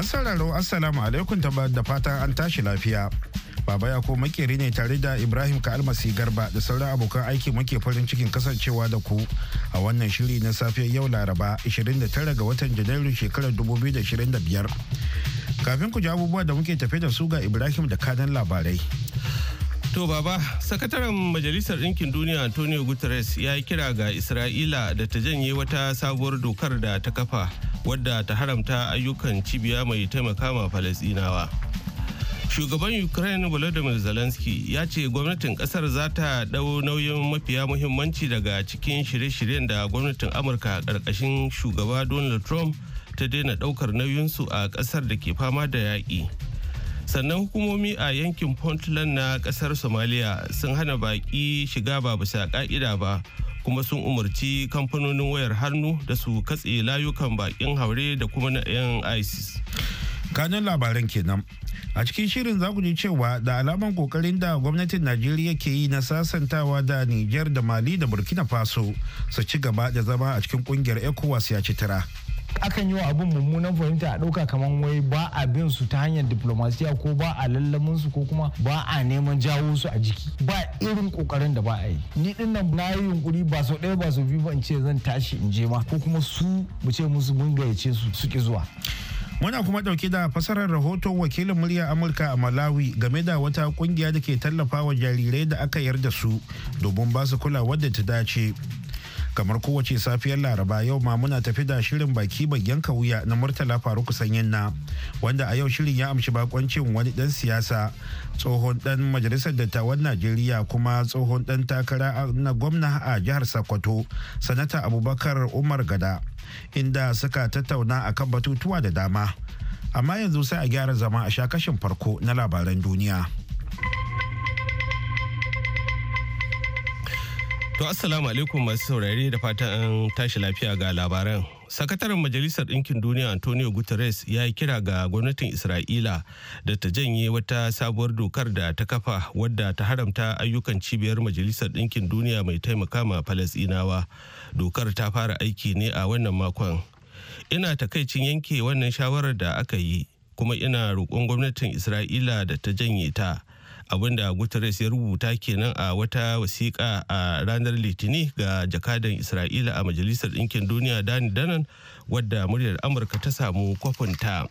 Masu sauraro Assalamu alaikum ta da fatan an tashi lafiya. Baba ya Yako makeri ne tare da Ibrahim ka almasi Garba da sauran abokan aiki muke farin cikin kasancewa da ku a wannan shiri na safiyar yau Laraba 29 ga watan Janairu shekarar 2025. Kafin ku ji abubuwa da muke tafe da su ga Ibrahim da kanan labarai. To baba, sakataren Majalisar Ɗinkin Duniya Antonio Guterres ya yi kira ga Isra'ila da ta janye wata sabuwar dokar da ta kafa. wadda ta haramta ayyukan cibiya mai taimaka ma falasinawa shugaban ukraine volodymyr zelensky ya ce gwamnatin kasar za ta ɗau nauyin mafiya muhimmanci daga cikin shirye-shiryen da gwamnatin amurka ƙarƙashin shugaba donald trump ta daina ɗaukar nauyinsu a kasar da ke fama da yaƙi sannan hukumomi a yankin puntland na kasar somalia sun hana baƙi shiga ba bisa ƙa'ida ba kuma sun umarci kamfanonin wayar hannu da su katse layukan bakin haure da kuma na 'yan isis kanun labaran kenan a cikin shirin za ku ji cewa da alaman kokarin da gwamnatin najeriya ke yi na sasantawa da niger da mali da burkina faso su ci gaba da zama a cikin kungiyar ecowas ya ci tara akan yi wa abin mummunan fahimta a ɗauka kamar wai ba a bin su ta hanyar diplomasiya ko ba a lallamin su ko kuma ba a neman jawo su a jiki ba irin kokarin da ba a yi ni din nan na yi yunkuri ba sau ɗaya ba sau biyu ba in ce zan tashi in je ma ko kuma su mu ce musu mun gayyace su su ki zuwa Muna kuma ɗauke da fasarar rahoton wakilin murya Amurka a Malawi game da wata kungiya da ke tallafa wa jarirai da aka yar da su domin ba su kulawa da ta dace. kamar kowace safiyar laraba yau ma muna tafi da shirin baki mai yanka wuya na murtala faruk sanyin na wanda a yau shirin ya amshi bakoncin wani dan siyasa tsohon dan majalisar dattawan najeriya kuma tsohon dan takara na gwamna a jihar sokoto sanata abubakar umar gada inda suka tattauna akan batutuwa da dama amma yanzu sai a gyara zama a shakashin farko na labaran duniya To assalamu alaikum masu saurare da fatan tashi lafiya ga labaran. Sakataren Majalisar Dinkin Duniya Antonio Guterres ya yi kira ga gwamnatin Isra'ila da ta janye wata sabuwar dokar da ta kafa wadda ta haramta ayyukan cibiyar Majalisar Dinkin Duniya mai taimaka ma Falasinawa. Dokar ta fara aiki ne a wannan makon. Ina takaicin yanke wannan shawarar da aka yi kuma ina roƙon gwamnatin Isra'ila da ta janye ta abinda guterres ya rubuta kenan a wata wasiƙa a ranar litini ga jakadan isra'ila a majalisar ɗinkin duniya dani danan wadda muryar amurka ta samu kwafinta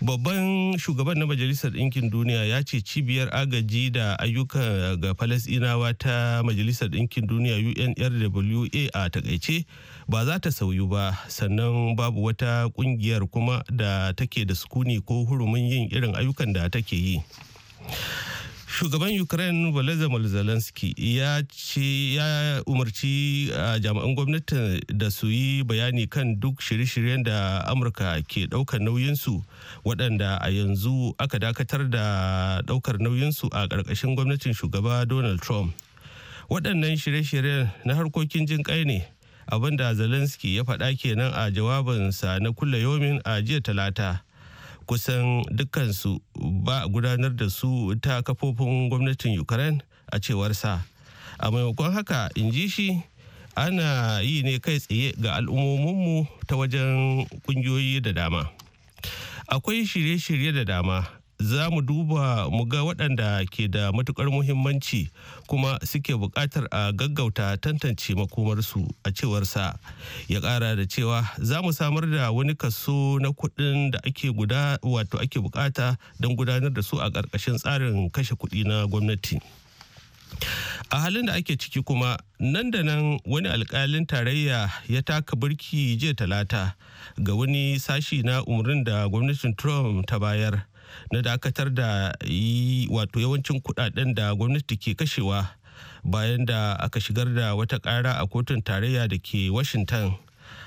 babban shugaban na majalisar ɗinkin duniya ya ce cibiyar agaji da ayyuka ga falasɗinawa ta majalisar ɗinkin duniya unrwa a takaice ba za ta sauyu ba sannan babu wata ƙungiyar kuma da take da sukuni ko hurumin yin irin ayyukan da take yi shugaban ukraine volodymyr zelensky ya ce ya umarci jami'an gwamnati da su yi bayani kan duk shirye-shiryen da amurka ke daukar nauyinsu waɗanda a yanzu aka dakatar da daukar nauyinsu a ƙarƙashin gwamnatin shugaba donald trump waɗannan shirye-shiryen na harkokin jin kai ne abinda zelensky ya faɗa kenan a jawabinsa na kulle yomin a jiya talata kusan dukkansu ba a gudanar da su ta kafofin gwamnatin ukraine a cewar sa, a maimakon haka in ji shi ana yi ne kai tsaye ga al'ummominmu ta wajen kungiyoyi da dama akwai shirye-shirye da dama za mu duba mu ga waɗanda ke da matukar muhimmanci kuma suke buƙatar a gaggauta tantance makomarsu a cewarsa ya ƙara da cewa za mu samar da wani kaso na kuɗin da ake guda wato ake buƙata don gudanar da su a ƙarƙashin tsarin kashe kuɗi na gwamnati a halin da ake ciki kuma nan da nan wani alkalin tarayya ya taka birki jiya talata ga wani sashi na umarin da gwamnatin trump ta bayar na dakatar da yi wato yawancin kudaden da gwamnati ke kashewa bayan da aka shigar da wata kara a kotun tarayya da ke washington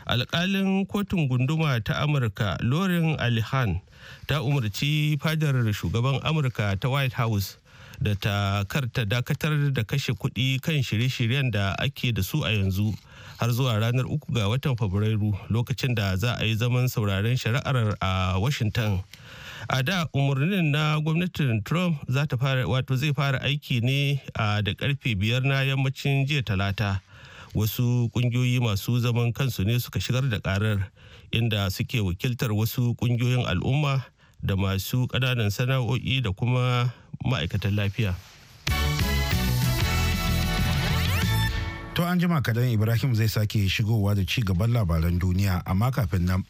alkalin kotun gunduma ta amurka lorin alihan ta umarci fadar shugaban amurka ta white house da ta karta dakatar da kashe kuɗi kan shirye-shiryen da ake da su a yanzu har zuwa ranar uku ga watan fabrairu lokacin da za a yi zaman sauraren shari'ar a washington a da umarnin na gwamnatin trump za ta fara wato zai fara aiki ne a da karfe biyar na yammacin jiya talata wasu kungiyoyi masu zaman kansu ne suka shigar da karar inda suke wakiltar wasu kungiyoyin al'umma da masu ƙananan sana'o'i da kuma ma'aikatan lafiya to an jima kadan ibrahim zai sake shigowa da ci gaban labaran duniya amma kafin nan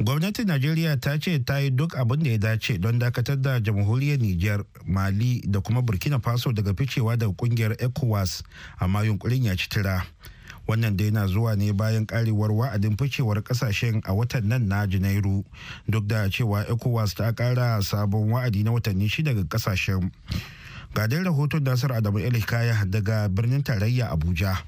gwamnatin najeriya ta ce ta yi duk abin da ya dace don dakatar da jamhuriyar Nijar mali da kuma burkina faso daga ficewa daga kungiyar ecowas amma yunkurin ya ci tira wannan dai na zuwa ne bayan karewar wa'adin ficewar kasashen a watan nan na janairu duk da cewa ecowas ta kara sabon wa'adi na watanni shida ga kasashen ga rahoton nasar adamu kaya daga birnin tarayya abuja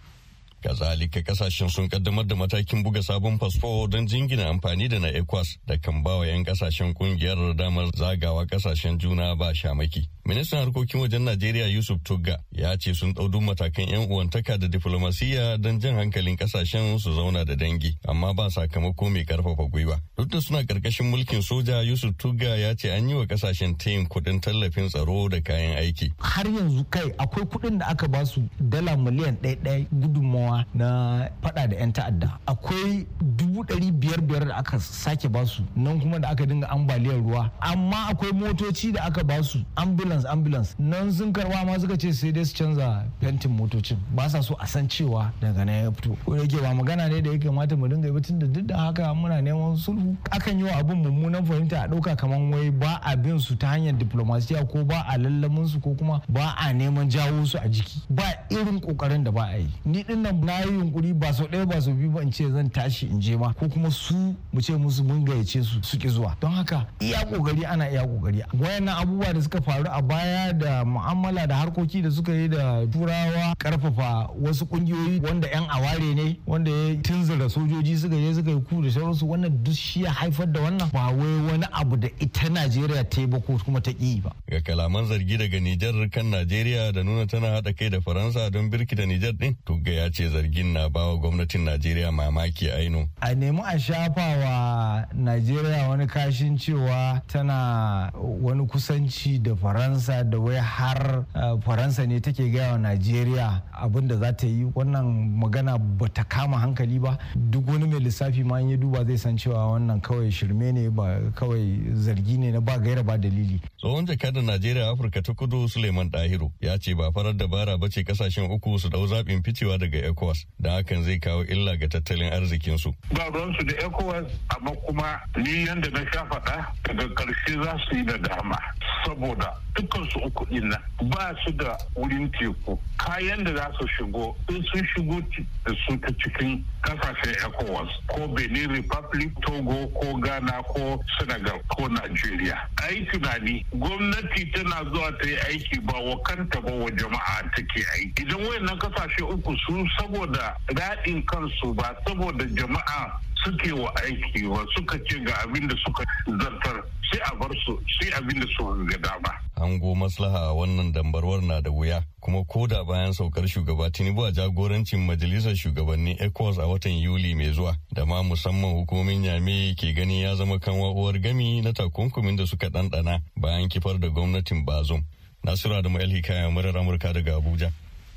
Kazalika kasashen sun kaddamar da matakin buga sabon fasfo don jingina amfani da na ECOWAS da kan bawa 'yan kasashen kungiyar damar zagawa kasashen juna ba shamaki. Ministan harkokin wajen Najeriya Yusuf Tugga ya ce sun ɗau matakan 'yan uwantaka da diflomasiyya don jan hankalin kasashen su zauna da dangi amma ba sakamako mai karfafa gwiwa. Duk da suna karkashin mulkin soja Yusuf Tugga ya ce an yi wa kasashen tayin kuɗin tallafin tsaro da kayan aiki. Har yanzu kai akwai kuɗin da aka ba su dala miliyan ɗaya ɗaya gudunmawa na fada da 'yan ta'adda akwai dubu ɗari biyar biyar da aka sake basu nan kuma da aka dinga ambaliyar ruwa amma akwai motoci da aka basu ambulance ambulance nan sun karba ma suka ce sai dai su canza fentin motocin ba sa so a san cewa daga na ya fito ko yake ba magana ne da ya kamata mu dinga yi tun da duk da haka muna neman sulhu akan yi wa abun mummunan fahimta a ɗauka kamar wai ba a bin su ta hanyar diplomasiya ko ba a lallamin su ko kuma ba a neman jawo su a jiki ba irin kokarin da ba a yi ni din na yi yunkuri ba sau ɗaya ba sau biyu ba in ce zan tashi in je ma ko kuma su mu ce musu mun gayyace su suki zuwa don haka iya kokari ana iya kokari wayannan abubuwa da suka faru a baya da mu'amala da harkoki da suka yi da turawa karfafa wasu kungiyoyi wanda yan aware ne wanda ya tunzura sojoji suka je suka yi ku da sauransu wannan duk shi ya haifar da wannan ba wai wani abu da ita Najeriya ta yi ba ko kuma ta ƙi ba. Ga kalaman zargi daga Nijar kan Najeriya da nuna tana haɗa kai da Faransa don birkita Nijar ɗin, to ga ya ce zargin na bawa gwamnatin najeriya mamaki aino a nemi a shafawa najeriya wani kashin cewa tana wani kusanci da faransa da wai har eh, faransa ne take gaya wa najeriya abin da za ta yi wannan magana ba ta kama hankali ba duk wani mai lissafi ma ya duba zai san cewa wannan kawai shirme ne ba kawai zargi ne na ba gaira ba dalili tsohon jakadar najeriya afirka ta kudu suleiman dahiru ya ce ba farar dabara ba ce kasashen uku su dau zaɓin ficewa daga ECOWAS da hakan zai kawo illa ga tattalin arzikinsu. Ba ruwansu da ECOWAS amma kuma ni yadda na sha faɗa daga ƙarshe za su yi da dama saboda dukansu uku ɗin nan ba su da wurin teku kayan da za su shigo in sun shigo da su ta cikin kasashen ecowas ko benin republic togo ko ghana ko senegal ko nigeria a yi tunani gwamnati tana zuwa ta yi aiki ba wa kanta ba wa jama'a ta ke aiki idan wayannan kasashe uku su saboda daɗin kansu ba saboda jama'a suke wa aiki ba suka ce ga abin da suka zartar sai a bar su sai abin da suka ga dama ango maslaha a wannan dambarwar na da wuya kuma ko da bayan saukar shugaba tinubu a jagorancin majalisar shugabannin ecowas a watan yuli mai zuwa da ma musamman hukumomin yame ke gani ya zama kan uwar gami na takunkumin da suka ɗanɗana bayan kifar da gwamnatin bazum nasira da ma'il hikaya murar amurka daga abuja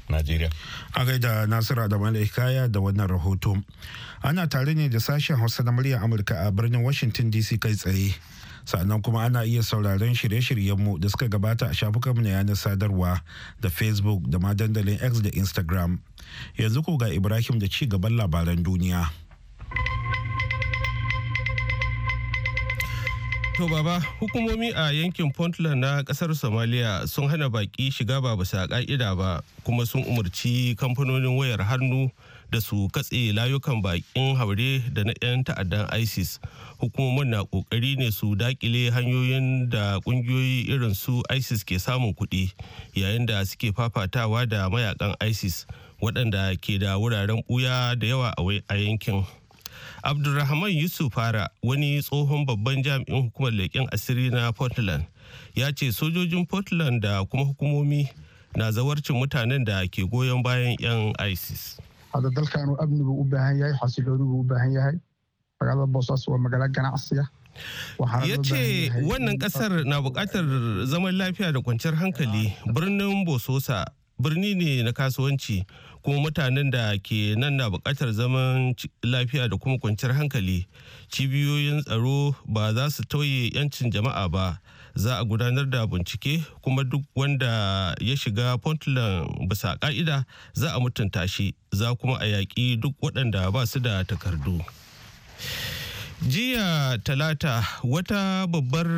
Najeriya. A gaida Nasira da kaya da wannan rahoto. Ana tare ne da sashen Hausa na murya Amurka a birnin Washington DC kai tsaye. sannan kuma ana iya sauraron shirye-shiryenmu da suka gabata a shafukan na yanar sadarwa da facebook da ma dandalin x da instagram yanzu ko ga ibrahim da ci gaban labaran duniya To baba hukumomi a yankin Puntland na kasar Somalia sun hana baki shiga ba bisa ka'ida ba kuma sun umarci kamfanonin wayar hannu da su katse layukan bakin haure da na 'yan ta'addan isis hukumomin na kokari ne su dakile hanyoyin da kungiyoyi irin su isis ke samun kuɗi yayin da suke fafatawa da mayakan isis waɗanda ke da wuraren ɓuya da yawa a yankin abdulrahman yusuf fara wani tsohon babban jami'in hukumar leƙen asiri na portland ya ce sojojin portland da kuma hukumomi na zawarcin mutanen da ke goyon bayan 'yan isis hadda dalkaanu u baahan yahay xasiloonigu u baahan yahay magaalada boosaas waa magaalo ganacsiya ya ce wannan kasar na bukatar zaman lafiya da kwanciyar hankali birnin bososa birni ne na kasuwanci kuma mutanen da ke nan na bukatar zaman lafiya da kuma kwanciyar hankali cibiyoyin tsaro ba za su tauye 'yancin jama'a ba za a gudanar da bincike kuma duk wanda ya shiga puntland bisa ka'ida za a mutunta shi za kuma a yaƙi duk waɗanda ba su da takardu jiya talata wata babbar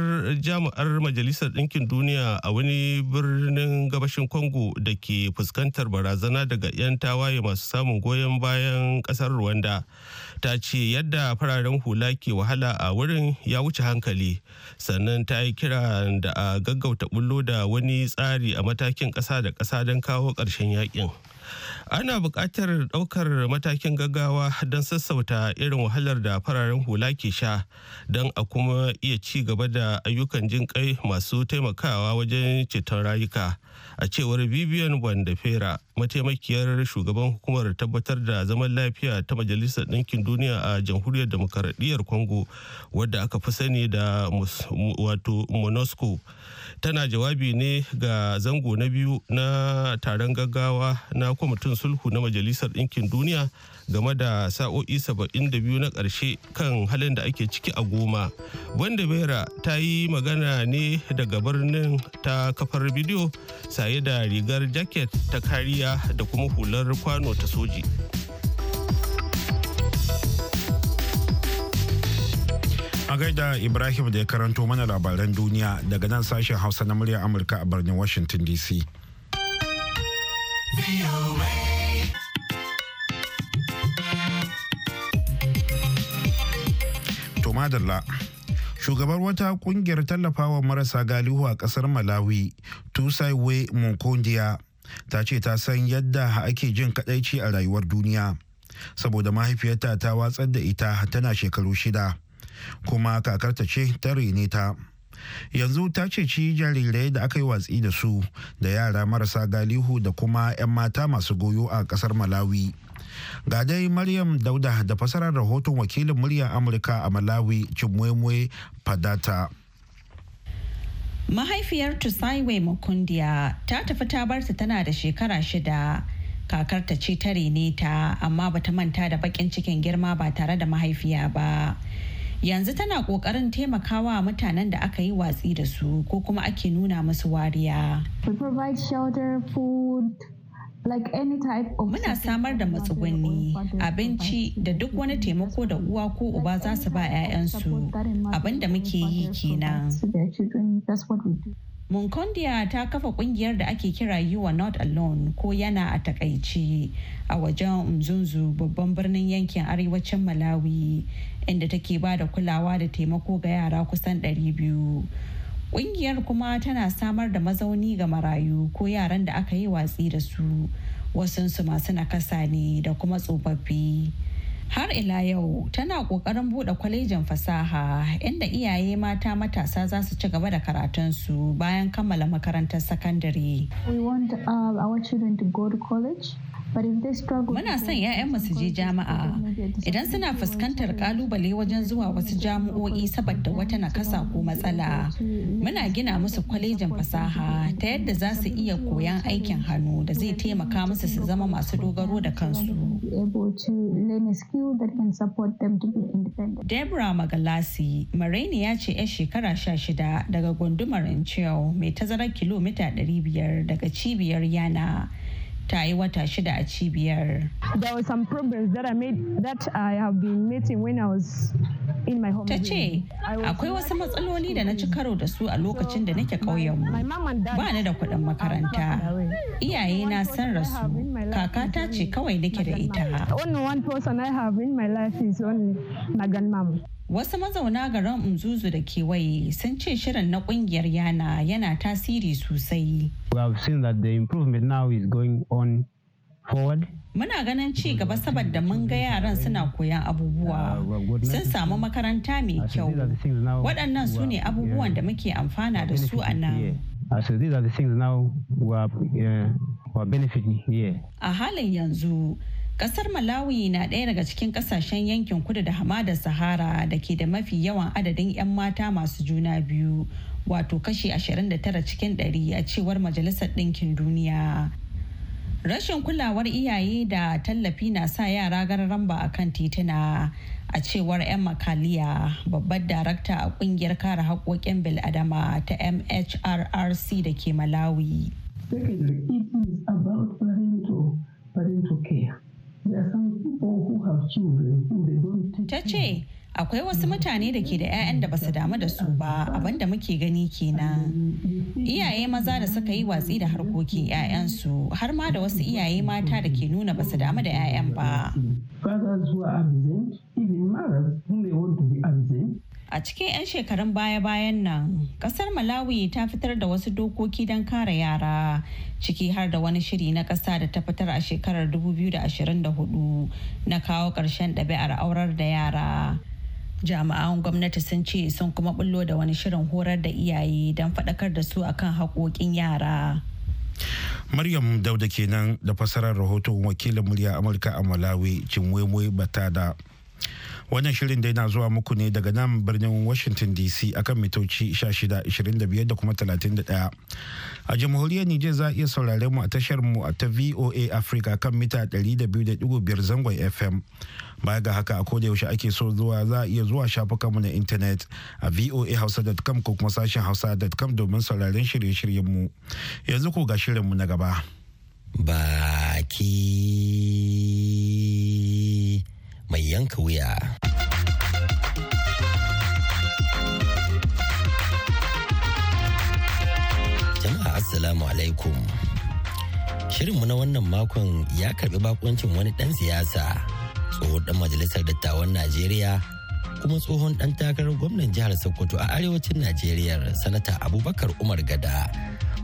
jami'ar majalisar ɗinkin duniya a wani birnin gabashin congo da ke fuskantar barazana daga 'yan tawaye masu samun goyon bayan ƙasar rwanda ta ce yadda fararen hula ke wahala a wurin ya wuce hankali sannan ta yi kira da a gaggauta bullo da wani tsari a matakin ƙasa da ƙasa don kawo ƙarshen yakin ana buƙatar ɗaukar matakin gaggawa don sassauta irin wahalar da fararen hula ke sha don a kuma iya ci gaba da ayyukan jin kai masu taimakawa wajen ceton rayuka a cewar vivian bandafera mataimakiyar shugaban hukumar tabbatar da zaman lafiya ta majalisar ɗinkin duniya a jamhuriyar demokaradiyyar congo wadda aka fi sani da wato monosco tana jawabi ne ga zango na biyu na taron gaggawa na kwamitin sulhu na majalisar ɗinkin duniya game da sa'o'i 72 na ƙarshe kan halin da ake ciki a goma wanda bera ta yi magana ne daga birnin ta kafar bidiyo saye da rigar jacket ta kariya da kuma hular kwano ta soji a gaida ibrahim da ya karanto mana labaran duniya daga nan sashen hausa na murya amurka a birnin washington dc madalla. Shugabar wata kungiyar tallafawa marasa galihu a kasar Malawi, Tusaiwe Munkondiya, ta ce ta san yadda ake jin kadaici a rayuwar duniya. Saboda mahaifiyarta ta watsar da ita tana shekaru shida, kuma kakarta ce ta rene ta. yanzu ta ce ci jarirai da aka yi watsi da su da yara marasa galihu da kuma 'yan mata masu goyo a kasar malawi Ga dai Maryam Dauda da fasarar rahoton wakilin murya Amurka a Malawi Cimwemwe Fadata. Mahaifiyar Tusaiwe Mukundiya ta tafi ta barta tana da shekara shida. Kakarta ce ta rene ta amma bata manta da bakin cikin girma ba tare da mahaifiya ba. yanzu tana kokarin taimakawa mutanen da aka yi watsi da su ko kuma ake nuna musu wariya. Muna samar da matsugunni, abinci da duk wani taimako da uwa ko uba za su ba 'ya'yansu abin da muke yi kenan. Munkondiya ta kafa kungiyar da ake kira You Are Not Alone ko yana a takaici a wajen Mzunzu babban birnin yankin arewacin Malawi inda take ba da kulawa da taimako ga yara kusan 200. Ƙungiyar kuma tana samar da mazauni ga marayu ko yaran da aka yi watsi da su wasunsu masu nakasa ne da kuma tsofaffi. Har ila yau tana ƙoƙarin buɗe kwalejin fasaha inda iyaye mata matasa za su ci gaba da karatunsu bayan kammala makarantar sakandare. want uh, our college. Muna son ya'yan su je jama'a idan suna fuskantar kalubale wajen zuwa wasu jami'o'i saboda wata nakasa ko matsala. Muna gina musu kwalejin fasaha ta yadda za su iya koyan aikin hannu da zai taimaka musu su zama masu dogaro da kansu. Debra Magalasi, Maraini ya ce 'yar shekara 16 daga gundumar Inchew mai tazarar kilomita 500 daga cibiyar Yana. ta yi wata shida a cibiyar. There were some problems that I made that I have been meeting when I was in my home. Ta ce, akwai wasu matsaloli da na ci karo da su a lokacin da nake ƙauyenmu. Ba ni da kuɗin makaranta. Iyaye na san rasu. Kakata ce kawai nake da ita. Only one person I have in my life is only my grandmom. Wasu mazauna garin Mzuzu da kewaye sun ce shirin na kungiyar yana yana tasiri sosai. We have seen that Muna ganin ci gaba saboda mun ga yaran suna koyan abubuwa ah, sun samu makaranta mai kyau. Waɗannan su ne abubuwan da muke amfana da su a nan. A halin yanzu Kasar Malawi na ɗaya daga cikin kasashen yankin kudu da hamadar Sahara da ke da mafi yawan adadin 'yan mata masu juna biyu, wato kashi 29 cikin 100 a cewar Majalisar Ɗinkin Duniya. Rashin kulawar iyaye da tallafi na sa yara gararan ba a kan tituna a cewar 'yan makaliya babbar darakta a ƙungiyar kare haƙoƙin bil'adama ta MHRRC da ke Malawi. Secondly, it is about parental, parental care. Ta ce, akwai wasu mutane da ke da 'ya'yan da basu damu da su ba abinda muke gani kenan. Iyaye maza da suka yi watsi da harkokin 'ya'yansu har ma da wasu iyaye mata da ke nuna basu damu da 'ya'yan ba. a cikin 'yan shekarun baya-bayan nan kasar malawi ta fitar da wasu dokoki don kare yara ciki har da wani shiri na ƙasa da ta fitar a shekarar 2024 na kawo ƙarshen ɗabi'ar aurar da yara jami'an gwamnati sun ce sun kuma bullo da wani shirin horar da iyaye don faɗakar da su akan haƙoƙin yara maryam dauda kenan da fasarar rahoton wakilin murya amurka a malawi Bata batada Wannan shirin dai na zuwa muku ne daga nan birnin Washington DC akan mitoci 1625 da kuma 31. A jamhuriyar Nijar za a iya saurare mu a tashar mu ta VOA Africa kan mita 200.5 zangon FM. Baya ga haka a koda yaushe ake so zuwa za a iya zuwa shafukanmu na intanet a voahausa.com ko kuma sashen hausa.com domin sauraren shirye-shiryen mu. Yanzu ko ga shirin mu na gaba. Baki mai yanka wuya. Assalamu alaikum. Shirinmu na wannan makon ya karbi bakuncin wani ɗan siyasa, tsohon ɗan majalisar dattawan Najeriya, kuma tsohon ɗan takarar gwamnan jihar Sokoto a arewacin Najeriya, Sanata Abubakar Umar Gada,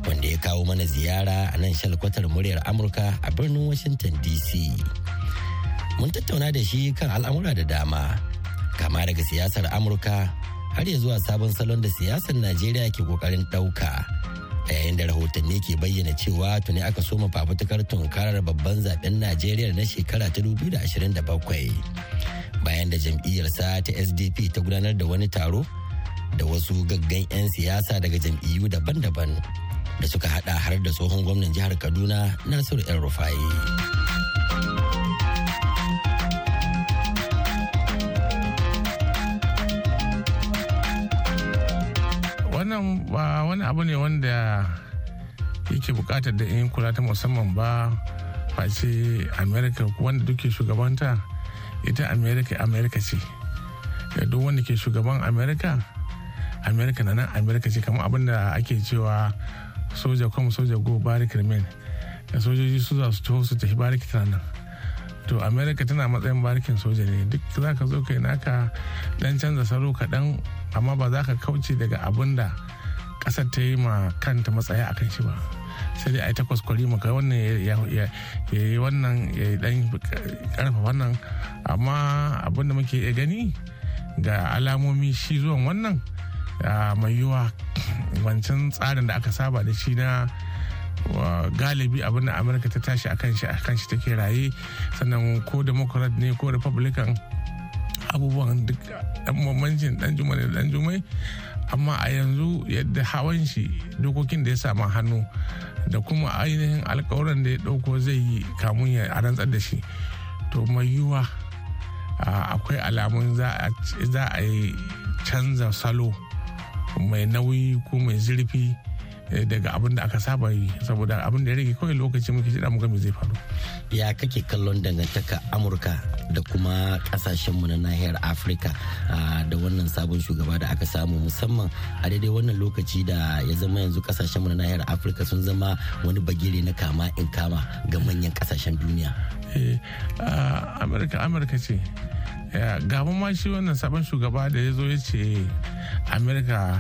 wanda ya kawo mana ziyara a nan shalkwatar muryar Amurka a birnin Washington DC. Mun tattauna da shi kan al'amura da dama, kama daga siyasar Amurka har ya zuwa sabon salon da siyasar Najeriya ke kokarin ɗauka. a yayin da rahotanni ke bayyana cewa tuni aka soma fafutukar tunkarar babban zaben najeriya na shekara ta 2027 bayan da jam'iyyar sa ta sdp ta gudanar da wani taro da wasu gaggan 'yan siyasa daga jam'iyyu daban-daban da suka hada har da tsohon gwamnan jihar kaduna nasiru el rufai wannan ba wani abu ne wanda yake bukatar da yin kula ta musamman ba face america wanda duke shugabanta ita america america ce duk wanda ke shugaban america america na nan america ce kamar abin da ake cewa soja kuma soja go barik remain da sojoji su za su taho su tafi barik tana nan to america tana matsayin barikin soja ne duk za ka zo kai naka dan canza salo kaɗan amma ba za ka kauce daga abin da ƙasar ta yi ma kanta matsaya a kan shi ba sai dai a yi ta kwaskwari maka wannan ya yi wannan ya yi dan karfa wannan amma abin da muke iya gani ga alamomi shi zuwan wannan mai yiwa wancan tsarin da aka saba da shi na galibi abin da amurka ta tashi akan shi shi take raye sannan ko democrat ne ko republican abubuwan duk bambancin dan jumai da dan jumai amma a yanzu yadda hawan shi dokokin da ya samu hannu da kuma ainihin alkawuran da ya dauko zai yi kamun ya a rantsar da shi to mai yiwuwa akwai alamun za a yi canza salo mai nauyi ko mai zurfi Eh, daga abin da aka saba yi saboda abin da ya rage kawai lokaci muke jira mu ga me zai faru ya kake kallon dangantaka amurka da kuma kasashenmu na nahiyar afirka ah, da wannan sabon shugaba da aka samu musamman a daidai wannan lokaci da ya zama yanzu kasashenmu na nahiyar afirka sun zama wani bagire na kama in kama ga manyan kasashen duniya eh, ah, amurka amurka ce gaban ma shi wannan sabon shugaba da ya zo ya ce amurka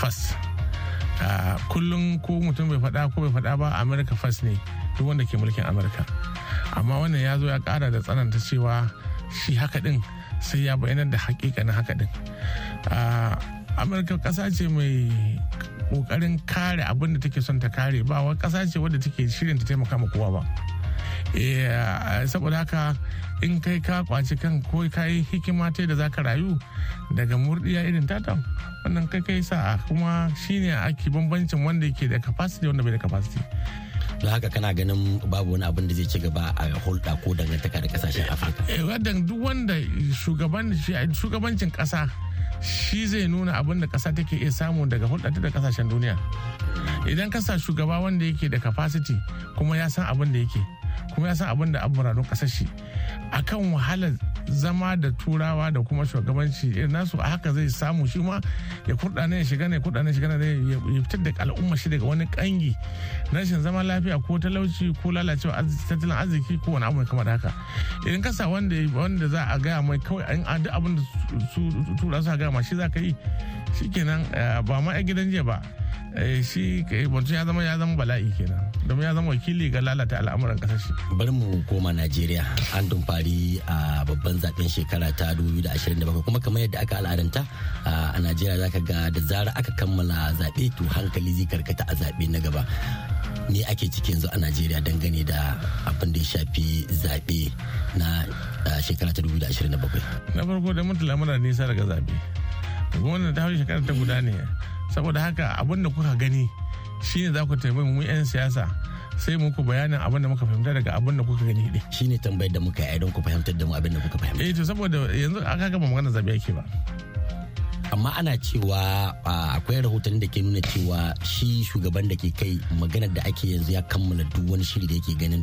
first Ah, kullum ko mutum bai faɗa ko bai faɗa ba america first ne duk wanda ke mulkin amurka amma wannan ya zo ya kara da tsananta cewa shi haka ɗin sai ya bayanar da na haka ɗin ah, amurka ƙasa ce mai ƙoƙarin kare abin da take son ta kare ba wa ƙasa ce wadda take shirin ta taimaka ma kowa ba saboda haka in kai ka kwaci kan ko yi hikima ta da zaka rayu daga murdiya irin tata wannan kai kai sa'a kuma shine ake bambancin wanda ke da capacity wanda bai da capacity don haka kana ganin babu wani abin da zai ci gaba a hulɗa ko dangantaka da kasashen afirka eh, wadan duk wanda shugabancin ƙasa shi zai nuna abin da ƙasa take iya samu daga hulɗa da kasashen duniya idan ka sa shugaba wanda yake da capacity kuma ya san abin da yake kuma ya san abin da abu rano kasar shi akan wahalar zama da turawa da kuma shugabanci irin nasu a haka zai samu shi ma ya kurda ne ya shiga ne kurda ya shiga ne ya fitar da al'umma shi daga wani kangi rashin zama lafiya ko talauci ko lalacewa tattalin arziki ko wani abu mai kamar haka idan ka wanda wanda za a gaya mai kawai an duk abin da su tura su a gaya ma shi za ka yi shikenan eh, ba ma 'yan gidan jiya ba Eh, shi mutum ya zama ya zama bala'i kenan domin ya zama wakili ga lalata al'amuran kasar shi bari mu koma najeriya an dumfari a babban zaben shekara ta 2027 kuma kamar yadda aka al'adanta a najeriya zaka ga da zara aka kammala zaɓe to hankali zai karkata a zaɓe na gaba ne ake cikin zo a najeriya dangane da abin da ya shafi zaɓe na shekara ta 2027 na farko da mutu lamura nisa daga zaɓe gwamnati ta hau shekara ta guda ne saboda haka abin da kuka gani shine za ku taimaka mu 'yan siyasa sai muku bayanin abin da muka fahimta daga abin da kuka gani shi shine tambayar da muka yi don ku fahimtar da mu abin da kuka fahimta eh to saboda yanzu aka gama magana zabe yake ba amma ana cewa akwai rahoton da ke nuna cewa shi shugaban da ke kai maganar da ake yanzu ya kammala duk wani shiri da yake ganin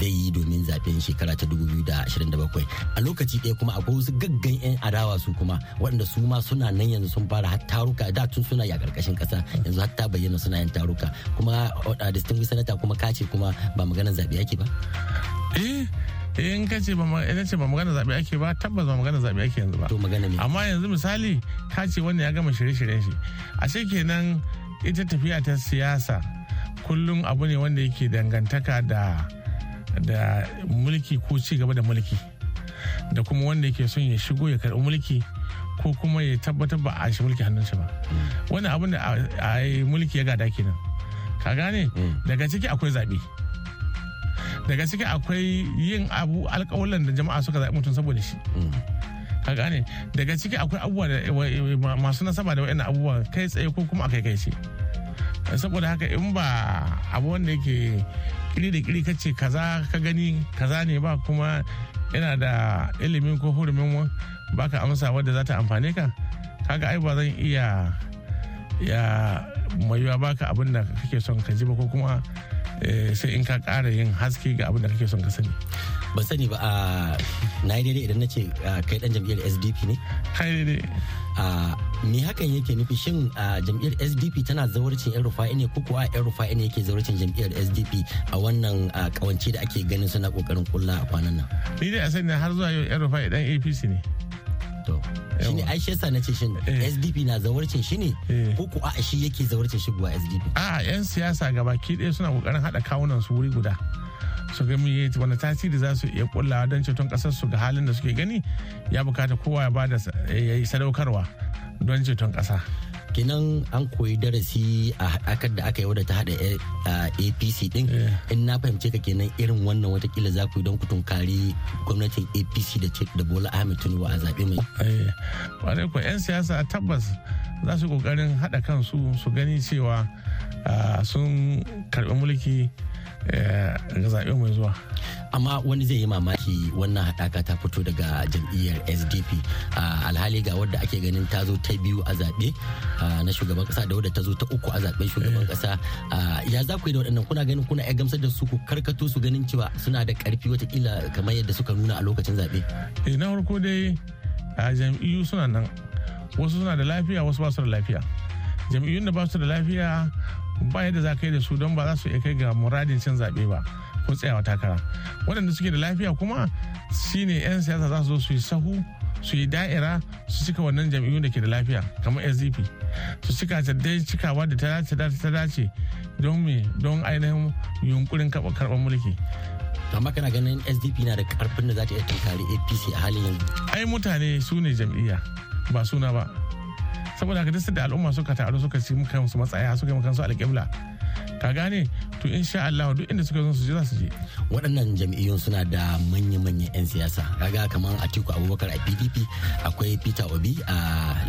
zai yi domin zaben shekara ta 2027 a lokaci ɗaya kuma akwai wasu gaggan 'yan adawa su kuma waɗanda su ma suna nan yanzu sun fara har taruka da tun suna yi a ƙarƙashin ƙasa yanzu har ta bayyana suna yin taruka kuma distinguished senator kuma kace kuma ba maganar zaɓe yake ba eh, in ka ce ba ba magana zaɓe ake ba tabbas ba magana zaɓe ake yanzu ba amma yanzu misali ta ce wannan ya gama shirye-shiryen shi a ce kenan ita tafiya ta siyasa kullum abu ne wanda yake dangantaka da da mulki ko ci gaba da mulki da kuma wanda yake son ya shigo ya karɓi mulki ko kuma ya tabbatar ba a shi mulki hannun shi ba wani abin da a mulki ya gada kenan ka gane mm. daga ciki akwai zaɓe daga ciki akwai yin abu alkawalan da jama'a suka zaɓi mutum saboda shi ka gane daga ciki akwai abubuwa da masu nasaba da wa'annan abubuwa kai tsaye ko kuma akai kai ce saboda haka in ba abu wanda yake kiri da kiri kace kaza ka gani kaza ne ba kuma yana da ilimin ko hurumin baka amsa wadda za ta amfane ka kaga ai ba zan iya ya mayuwa baka abin da kake son ka ji ba ko kuma Eh, sai in ka Kara yin haske ga abin da kake son ka sani ban sani ba a na yi daidai idan na ce kai dan jam'iyyar sdp ne kai daidai me hakan yake nufi shin jam'iyyar sdp tana zawarcin yan rufa'i ne ko kuwa yan rufa'i ne yake zawarcin jam'iyyar sdp a wannan kawance da ake ganin suna kokarin kulla a kwanan nan ni dai a sani har zuwa yau yan rufa'i dan apc ne shine ai shi yasa nace shin eh. SDP na zawarcin shi ne eh. ko ko a shi yake zawarcin shigowa SDP a yan siyasa gabaki ɗaya suna kokarin hada kawunan su wuri guda su ga wani tasiri za su iya kullawa don ceton kasar su ga halin da suke gani ya bukata kowa ya bada sadaukarwa don ceton kasa kinan an koyi darasi a akar da aka yi wadda ta hada eh, apc din eh. in na fahimce ka kenan irin wannan watakila za ku yi don ku tunkari gwamnatin apc da bola ahmed tinubu a zaɓe mai wadai ko 'yan siyasa a tabbas za su kokarin haɗa kansu su gani cewa sun karɓi mulki Eh, ga zaɓe mai zuwa amma wani zai yi mamaki wannan haɗaka ta fito daga jam'iyyar sdp ah, alhali ga wadda ake ganin ta zo ta biyu a zaɓe ah, na shugaban ƙasa da wadda ta zo ta uku a zaɓen shugaban eh. ƙasa ah, ya za ku yi da waɗannan kuna ganin kuna ya gamsar da su ku karkato su ganin cewa suna da ƙarfi watakila kamar yadda suka nuna a lokacin zaɓe. Eh, na farko dai jam'iyyu suna nan wasu suna da lafiya wasu ba su da lafiya jam'iyyun da ba su da lafiya ba yadda za ka da su don ba za su iya kai ga muradin cin zaɓe ba ko tsayawa takara waɗanda suke da lafiya kuma shine 'yan siyasa za su zo su yi sahu su yi da'ira su cika wannan jam'iyyun da ke da lafiya kamar sdp su cika ta cikawa da ta dace ta dace don me don ainihin yunkurin karɓar mulki amma kana ganin sdp na da karfin da za ta iya tunkari apc a halin yanzu ai mutane su ne jam'iyya ba suna ba saboda haka duk da al'umma suka taru suka ci muka musu matsaya suka yi su alƙibla ka gane to insha Allah duk inda suka zo su je za su je waɗannan jam'iyyun suna da manya-manyan 'yan siyasa kaga kamar Atiku Abubakar a PDP akwai Peter Obi a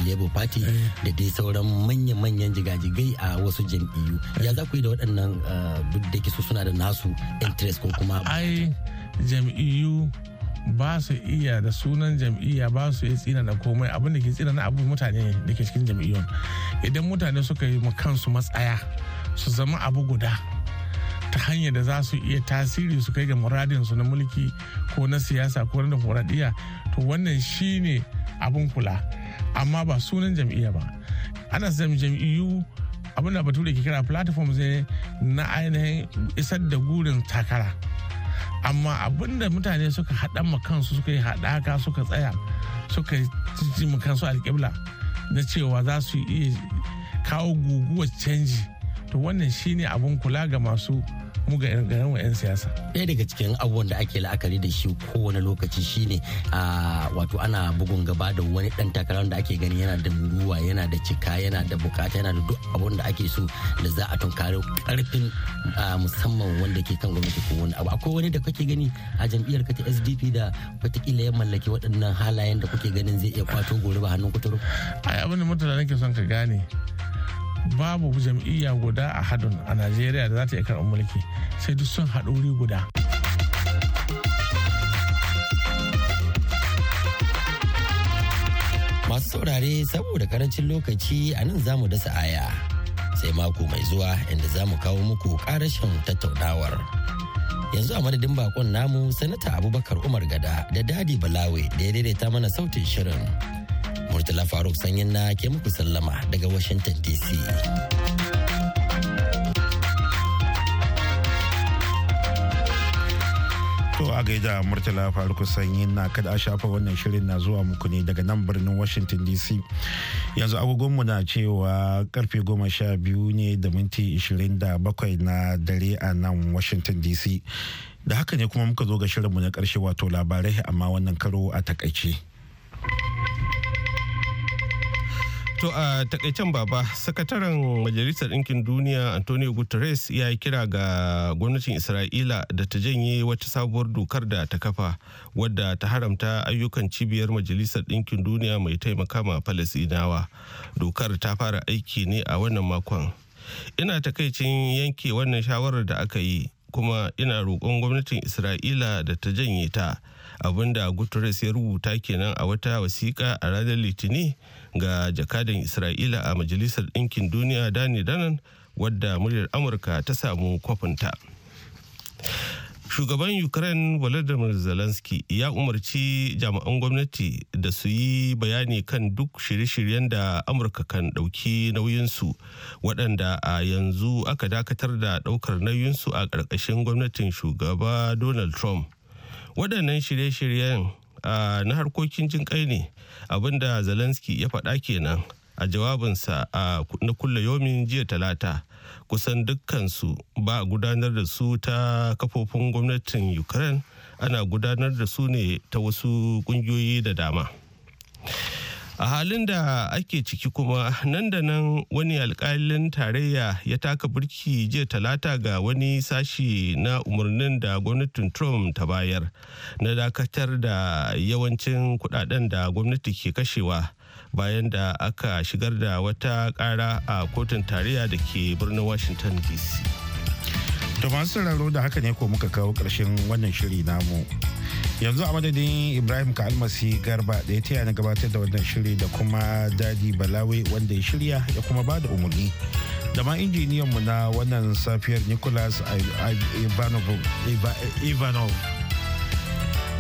Labour Party eh. da dai sauran manya-manyan jigajigai a wasu jam'iyyu ya za ku yi da waɗannan eh, duk da su suna da nasu interest ko kuma ai jam'iyyu ba su iya da sunan jam'iyya ba su iya tsina da komai abin da ke tsina na abu mutane da ke cikin jam'iyyun idan mutane suka yi kansu matsaya su zama abu guda ta hanyar da za su iya tasiri su kai ga muradin na mulki ko na siyasa ko na demokuraɗiyya to wannan shine abin kula amma ba sunan jam'iyya ba ana jam'iyyu abin da bature ke kira platform ne na ainihin isar da gurin takara amma abinda mutane suka haɗa kansu suka yi haɗaka suka tsaya suka yi kansu alƙibla na cewa za su iya kawo guguwar canji to wannan shine abin kula ga masu mu ga wa 'yan siyasa ɗaya daga cikin abubuwan da ake la'akari da shi kowane lokaci shine wato ana bugun gaba da wani ɗan takara da ake gani yana da ruwa yana da cika yana da bukata yana da duk abun da ake so da za a tunkari karfin musamman wanda ke kan gwamnati ko wani abu akwai wani da kake gani a jam'iyyar ka ta SDP da watakila ya mallaki waɗannan halayen da kuke ganin zai iya kwato gobe ba hannun kuturu ai abin da mutane nake son ka gane babu jam'iyya guda a hadun a najeriya da za ta iya karɓar mulki sai duk sun haɗu wuri guda masu saurare saboda karancin lokaci a nan za mu dasa aya sai mako mai zuwa inda za mu kawo muku karashin tattaunawar yanzu a madadin bakon namu sanata abubakar umar gada da dadi balawe da ya daidaita mana sautin shirin Murtala Faruk sanyin na ke muku sallama daga Washington DC. To a gaida Murtala Faruk sanyin na kada a shafa wannan shirin na zuwa muku ne daga nan birnin Washington DC. Yanzu agogonmu na cewa karfe goma sha biyu ne da minti ishirin da bakwai na dare a nan Washington DC. Da haka ne kuma muka zo ga shirinmu na karshe wato labarai amma wannan karo a takaice. To a takaicen baba, sakataren Majalisar Ɗinkin Duniya Antonio Guterres ya yi kira ga gwamnatin Isra'ila da ta janye wata sabuwar dokar da ta kafa wadda ta haramta ayyukan cibiyar Majalisar Ɗinkin Duniya mai taimaka ma Falasinawa. Dokar ta fara aiki ne a wannan makon. Ina takaicin yanke wannan shawarar da aka yi kuma ina roƙon gwamnatin Isra'ila da ta janye ta abinda Guterres ya rubuta kenan a wata wasiƙa a ranar Litinin ga jakadan isra'ila a majalisar ɗinkin duniya dani danan wadda muryar amurka ta samu kwafinta shugaban ukraine volodymyr zelensky ya umarci jami'an gwamnati da su yi bayani kan duk shirye-shiryen da amurka kan ɗauki nauyinsu waɗanda a yanzu aka dakatar da ɗaukar nauyinsu a ƙarƙashin gwamnatin shugaba donald trump waɗannan shirye-shiryen na harkokin jin kai ne abinda zelensky ya faɗa kenan a jawabinsa na kulle yomin jiya talata kusan dukkansu ba a gudanar da su ta kafofin gwamnatin ukraine ana gudanar da su ne ta wasu ƙungiyoyi da dama a halin da ake ciki kuma nan da nan wani alkalin tarayya ya taka burki jiya talata ga wani sashi na umarnin da gwamnatin trump ta bayar na dakatar da yawancin kudaden da gwamnati ke kashewa bayan da aka shigar da wata kara a kotun tarayya da ke birnin washington dc da masu sauraro da haka ne ko muka kawo ƙarshen wannan shiri namu yanzu a madadin ibrahim ka almasi garba da ya taya na gabatar da wannan shiri da kuma dadi balawe wanda ya shirya ya kuma ba da umarni da ma mu na wannan safiyar nicholas ivanov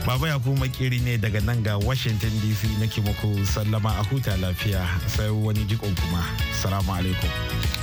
baba ya kuma ne daga nan ga washington dc nake muku sallama a huta lafiya sai wani jikon kuma salamu alaikum